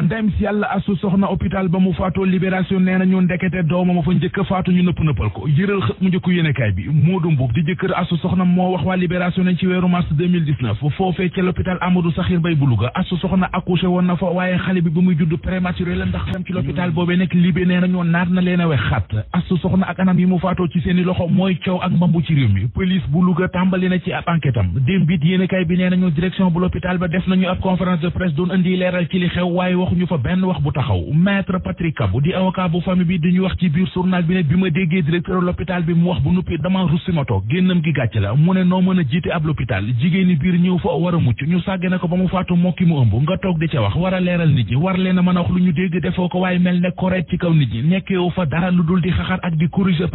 ndem si yàlla asu soxna hôpital ba mu faatoo libération nee na ñu ndekete doomam fa njëkk a faatu ñu nëpp nëppal ko yëral xët mu njëkk yéenekaay bi Moodu Mbuub di jëkkër asu moo wax waa libération nañ ci weeru mars 2019 foofee ca l'hôpital Amadou bu Louga asu soxna accouché woon na fa waaye xale bi ba muy judd prématuré la ndax tam ci l'hôpital boobee nekk libé nee na ñoo naat na a anam yi mu faatoo ci seeni loxo mooy coow ak mbambu ci tàmbali na ci ab enquête am bi nee nañu direction bu l'hôpital ba def nañu ab conférence de presse doon indi ci li xew waaye waxuñu fa benn wax bu taxaw maître Patrick Kabou di avocat bu bi di ñu wax ci biir journal bi ne bi ma déggee directeur l'hôpital bi mu wax bu nuppi dama russimato génnam gi gàcce la mu ne noo mën a jiite ab l'hôpital jigéeni biir ñëw fa war a mucc ñu sàggane ko ba mu faatu mokki mu ëmb nga toog di ca wax war a leeral nit ñi war leen mën a wax lu ñu dégg defoo ko waaye mel ne correct ci kaw nit ñi nekkeewu fa dara lu dul di xaxar ak di corriger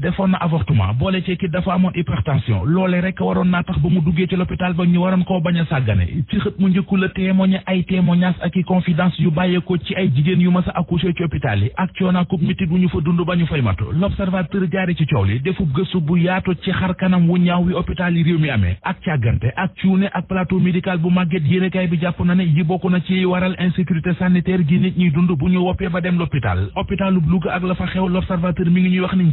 defoon na avortement boole ci ki dafa amoon hypertension loole rek waroon naa tax ba mu duggee ci l'hôpital ba ñu waroon koo bañ a sàggane ci xët mu njëkku la témoigné ay témoignage ak yu bàyyeekoo ci ay jigéen yu mas a accouché yi ak coonaa kub mitit bu ñu fa dund ba ñu fay matu l'observateur jaari ci coow li defub gëstu bu yaatu ci xar kanam wu ñaaw wi hôpital yi réew mi amee ak càggante ak cuune ak plateau médical bu màgget yéenekaay bi jàpp na ne yi bokk na ci waral insécurité sanitaire gi nit ñuy dund bu ñu woppee ba dem l'hôpital hôpitalu Louga ak la fa xew ngi ñuy wax ni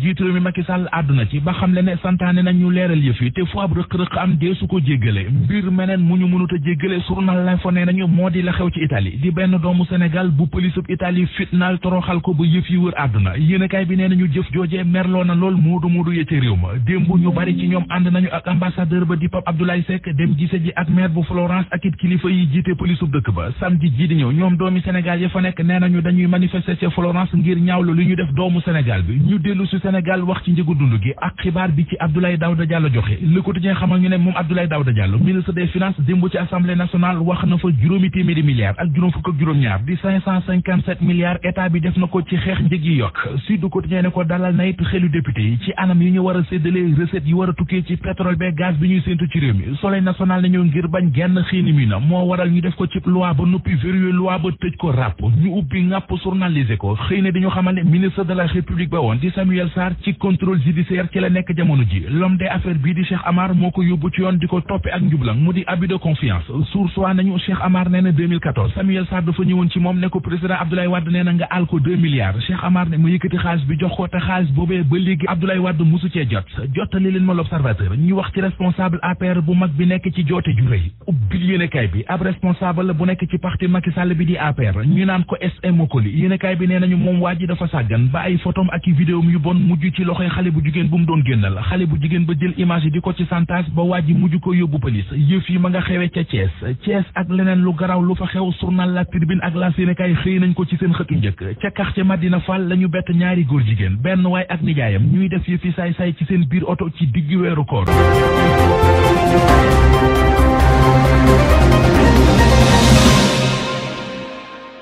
Macky Sall àdduna ci ba xam le ne santaane nañ ñu leeral yëf yi te fu ab rëq-rëq am dee su ko jéggale mbir meneen mu ñu mënut a jéggale journal l'info nee nañu moo di la xew ci nañu jëf joojee merloo na lool moodu moodu ya ca réew ma démb ñu bari ci ba di Pape Abdoulaye Seck dem gise ji ak maire bu yi ñoom doomi Sénégal ya fa nekk nee nañu dañuy manifester ca Florence ngir ñaawlu li ñu def doomu Sénégal bi ñu dellu su wax wax ci njëgu dund gi ak xibaar bi ci Abdoulaye Daouda Diallo joxe Le Quotidien xamal ñu moom Abdoulaye Daouda Diallo ministre des finances démb ci assemblée nationale wax na fa juróomi téeméeri milliards ak juróom fukk ak juróom-ñaar di milliards état bi def na ko ci xeex njëg yi yokk Sud Quotidien ne ko dalal na xelu député yi ci anam yi ñu war séddale recettes yi war tukkee ci pétrole bee gaz bi ñuy séentu ci réew mi Soleil national nañu ngir bañ contrôle ci la nekk jamono ji l'homme des affaires bii di Cheikh Amar moo ko yóbbu ci yoon di ko toppe ak njublang mu di abus confiance source waa nañu Cheikh Amar nee na Samuel Sarr dafa ñëwoon ci moom ne ko président jot jottali leen ma l'observateur ñu wax ci responsable APR bu mag bi nekk ci joote ju rëy yéenekaay bi ab responsable bu nekk ci parti Macky Sall bi di APR ñu naan ko SM Okoli yéenekaay bi nee nañu moom waa ji dafa sàggan ba ay photom ak i vidéom loxoy xale bu jigéen bu mu doon génn la xale bu jigéen ba jël image di ko ci santage ba wàjji mujj ko yóbbu polis yëf yi ma nga xewe ca Thiès Thiès ak leneen lu garaw lu fa xew journal La Tribune ak La Sénégal xëy nañ ko ci seen xëtu njëkk ca quartier Madina Fall la ñu bett ñaari góor jigéen benn waay ak nijaayam ñuy def yëf yi saay-saay ci seen biir oto ci digg weeru koor